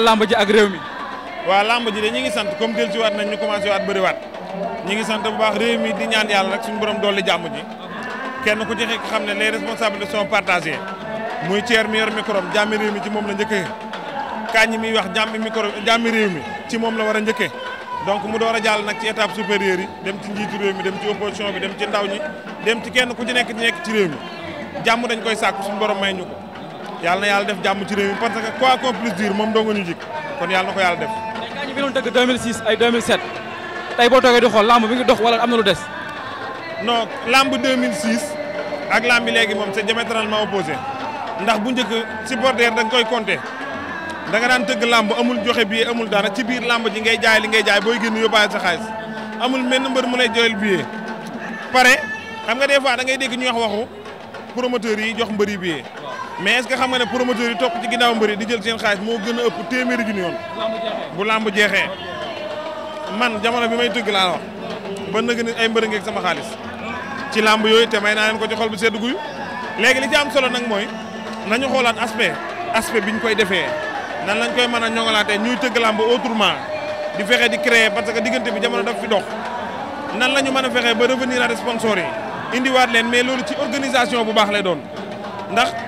naka lamb ji ak réew mi waaw lamb ji de ñi ngi sant comme del si waat nañ ñu commencé waat bëri waat ñi ngi sant bu baax réew mi di ñaan yàlla rek suñu borom dolli jàmm ji kenn ku ci xekk xam ne les responsabilités sont partagées muy ceer mi yor micro jàmmi réew mi ci moom la njëkkee kañ mi wax jàmmi micro jàmmi mi ci moom la war a njëkkee donc mu door a jàll nag ci étape supérieure yi dem ci njiitu réew mi dem ci opposition bi dem ci ndaw ñi dem ci kenn ku ci nekk ci ci réew mi jàmm dañ koy sàkk suñu borom may ñu ko yàlla na yàlla def jàmm ci réew mi parce que quoi qu'on puisse moom doo nga ñu jik kon yàlla na ko yàlla def. tey gaa ñu fi doon tëgg 2006 ay 2007 tey boo toogee di xool lamb bi ngi dox wala am na lu des. non lamb 2006 ak lamb bi léegi moom c'est diamétralement opposé ndax bu njëkk supporter da nga koy compter da nga daan tëgg làmb amul joxe billet amul dara ci biir lamb ji ngay jaay li ngay jaay boo génn yóbbaale sa xaalis amul menn mbër mu lay joyal billet pare xam nga des fois da ngay dégg ñu wax waxu promoteurs yi jox mbër yi mais est na ne promoteur yi topp ci ginnaaw mbëri di jël seen xaalis moo gën a ëpp téeméeri junni yoon bu làmb jeexee man jamono bi may tëgg laalo wax ba nëgg ni ay mbëri sama xaalis ci làmb yooyu te may naa leen ko ci xol bu sedd guyu léegi li ci am solo nag mooy nañu xoolaat aspect aspect bi ñu koy defee nan lañ koy mën a ñoŋalaatee ñuy tëgg làmb autrement di fexe di créer parce que diggante bi jamono daf fi dox nan la ñu mën a fexee ba revenir à sponsor yi indiwaat leen mais loolu ci organisation bu baax lay doon ndax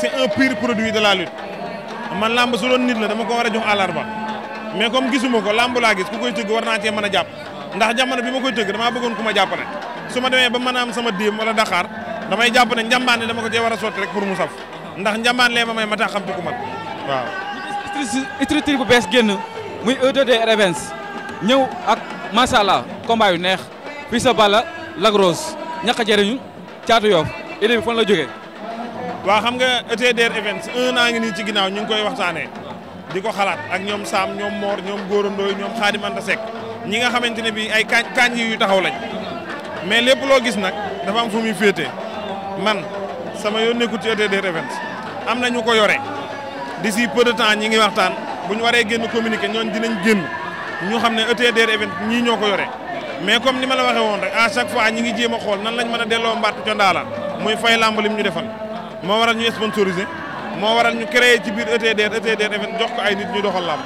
c'est un pur produit de la lutte man làmb su doon nit la dama ko war a jox àllarba mais comme gisuma ko lamb laa gis ku koy tëgg war naa cee mën a jàpp ndax jamono bi ma koy tëgg damaa bëggoon ku ma jàppale su ma demee ba man am sama déem wala daxaar damay jàpp ne njambaan dama ko cee war a sotti rek pour mu saf ndax njambaan lee ma may ma xam te ku mat waaw. structure bu bees génn muy e 2 ñëw ak macha allah combat yu neex fii bala Balla Lac Rose ñàkk a jëriñu caatu Yoff la jógee. waa xam nga ETDR Events un an ngi nii ci ginnaaw ñu ngi koy waxtaanee di ko xalaat ak ñoom Sam ñoom Mor ñoom Góorandooy ñoom Xaadim Anta Seck ñi nga xamante ne bii ay kañ kañ yu taxaw lañ mais lépp loo gis nag dafa am fu muy féete man sama yoon nekkul ci ETDR Events am na ñu ko yore d'ici peu de temps ñi ngi waxtaan bu ñu waree génn communiqué ñooñ dinañ génn ñu xam ne ETDR Events ñii ñoo ko yore mais comme ni ma la waxee woon rek à chaque fois ñi ngi jéem a xool nan lañ mën a delloo mbaatu ca ndaala muy fay làmb lim ñu defal. moo waral ñu sponsorisé moo waral ñu créé ci biir ETDR ETDR event jox ko ay nit ñu doxal làmb.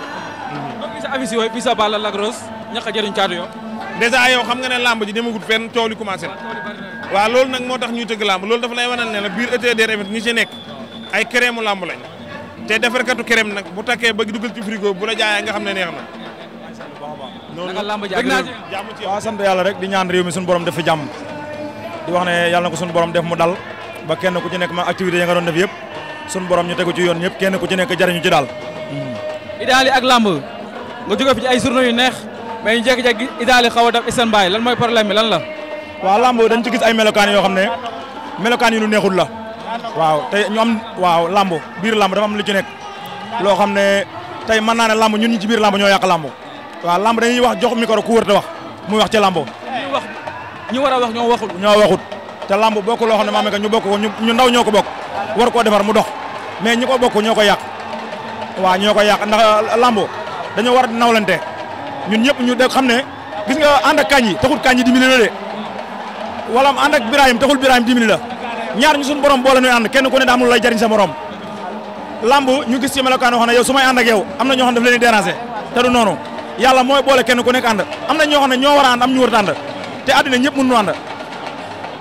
donc fii sa avis yooyu fii sa Balla Lac Rose ñax xam ne làmb ji demagut fenn coow li commencé na. waaw loolu nag moo tax ñuy tëgg làmb loolu dafa lay wanal ne la biir ETDR event ñi ci nekk ay crème làmb lañ te defarkatu nag bu takkee ba dugal ci frigo bu la jaayee nga xam ne neex na. naka làmb jaag la waaw sant yàlla rek di ñaan réew mi suñu borom def fi jàmm di wax ne yàlla na ko suñu borom def mu dal ba kenn ku ci nekk ma activité ya nga doon def yëpp sun borom ñu tegu ci yoon ñëpp kenn ku ci nekk jariñu ci daal. Idaaly ak lamb nga jóge fi ci ay journée yu neex mais ñu jékki-jékki Idaaly xaw a def stand by lan mooy problème bi lan la. waaw lamb dañ ci gis ay melokaan yoo xam ne melokaan yu nu neexul la. waaw tey ñu am waaw lamb biir lamb dafa am lu nekk loo xam ne tey mën naa ne lamb ñun ci biir lamb ñoo yàq lamb waaw lamb dañuy wax jox micro ku wër te wax muy wax ci lamb. ñu wax ñu war a wax te lamb bokk loo xam ne maam ñu bokk ko ñu ndaw ñoo ko bokk war ko defar mu dox mais ñi ko bokk ñoo ko yàq waaw ñoo ko yàq ndax euh, lamb dañoo war a nawlante ñun ñëpp ñu de xam ne gis nga ànd ak kañ yi taxul kañ yi dimbali la de wala ànd ak Birahim taxul Birahim dimbali la ñaar ñu suñu borom boole ñuy ànd kenn ku ne daa amul lay jariñ sa morom lamb ñu gis ci melokaan yoo xam ne yow su may ànd ak am na ñoo xam ne daf leen di te du noonu yàlla mooy boole kenn ku nekk am na ñoo xam ne ñoo war a ànd am ñu war a àddina ñëpp mënuñu ànd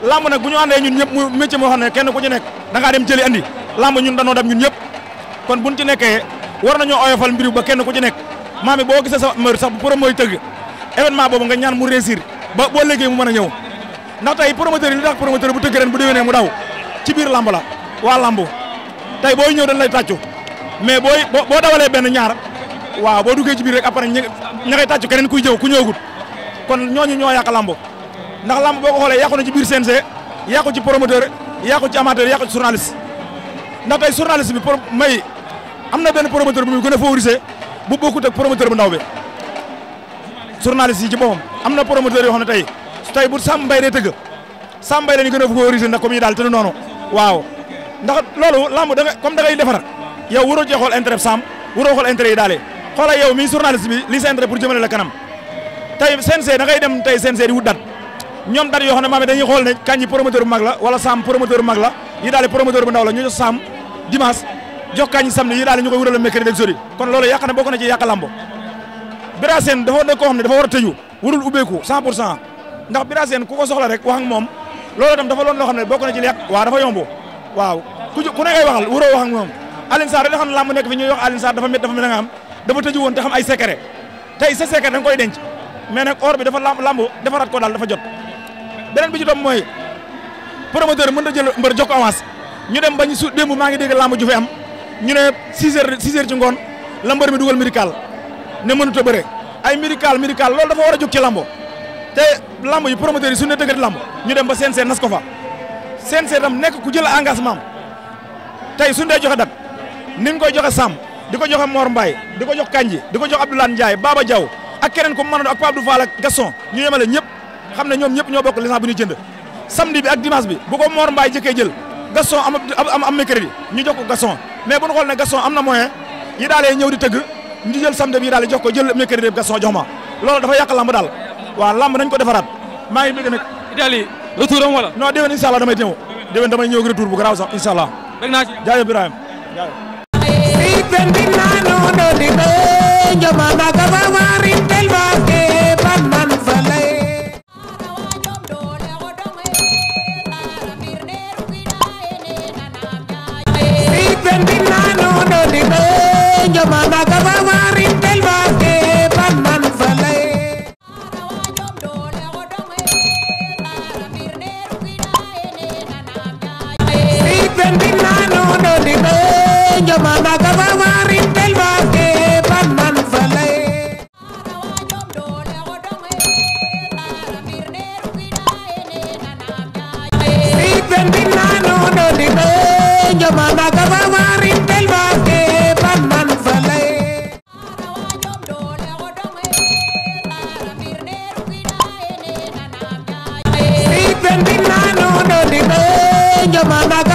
lamb nag bu ñu àndee ñun ñëpp mu métier moo xam ne kenn ku ci nekk da ngaa dem jëli andi lamb ñun danoo ñun ñëpp kon buñ ci nekkee war nañoo oyofal mbir ba kenn ku ci nekk maam boo gisee sa mbër sax bu promoy tëgg événement boobu nga ñaan mu réussir boo léegi mu mën a ñëw ndax tey promoteur yi li tax promoteur bu tëgg ren bu déwénee mu daw ci biir la waa lamb tey booy ñëw dan lay tàccu mais booy boo dawalee benn ñaar waaw boo duggee ci biir rek après ña ngay tàccu keneen kuy jëw ku ñëwagut kon ñooñu ñoo yàq lamb ndax lamb boo ko xoolee yàqu na ci biir CNG yàqu ci promoteur yàqu ci amateur yàqu ci journaliste ndax tey journaliste bi pro may am na benn promoteur bu muy gën a favoriser bu bokkut ak promoteur bu ndaw bi journaliste yi ci boom am na promoteur yoo xam ne tey tey bu Samba Mbaye dee tëgg Samba Mbaye la ñu gën a favoriser ndax comme yi daal te noonu waaw ndax loolu lamb da nga comme da ngay defar yow waroo cee xool intérêt Samba waroo xool intérêt yi daale xoolal yow mi journaliste bi li sa intérêt pour jëmale la kanam tey CNG da ngay dem tey CNG di wut dat ñoom dara yoo xam ne xool ne Kandji promoteur bu mag Sam promoteur bu mag Sam dimanche yi daal ñu koy wurale mercredi ak jeudi kon loolu yàq na bokk na ci yàq lamb Bira Sène dafa nekk ne dafa war a tëju warul ubbeeku 100 pour cent ndax Bira Sène ku ko soxla rek wax moom loolu itam loon loo ne bokk na ci yàq waaw dafa yomb waaw ku ku ne ngay waxal waroo wax moom Alioune Sarr da xam ne lamb nekk tëju woon te xam ay secret beneen bi ci topp mooy promoteur mën na jël mbër jox ko ñu dem bañ su démb maa ngi dégg làmb ju fi am ñu ne 6 heures 6 heures ci ngoon la mbër mi dugal médical ne mënut a bëre ay médical médical loolu dafa war a jóg ci lambo te lamb yi promoteur yi su ne dëggat lamb ñu dem ba seen CNG nas ko fa CNG tam nekk ku jël engagement am tey suñ dee joxe dat ni nga koy joxe Sam di ko joxe Mor Mbaye di ko jox kanj di ko jox Abdoulaye Ndiaye Baba Diaw ak keneen ku mu mënoon ak Pape Abdou Fall ak ñëpp xam ne ñoom ñëpp ñoo bokk licence bu ñuy jënd samedi bi ak dimanche bi bu ko Mor Mbaye jëkkee jël Gaston am am am ñu jox ko Gaston mais bu ne Gaston am na moyen yi daal ñëw di tëgg ñu jël samedi bi yi daal jox jël mercredi bi Gaston jox ma loolu dafa yàq lamb daal waaw lamb nañ ko defaraat maa ngi bëgg nag. Italie retour am wala. non déwén incha allah damay ñëw déwén damay ñëw retour bu garaaw sax incha allah. dëgg Yo, mamá,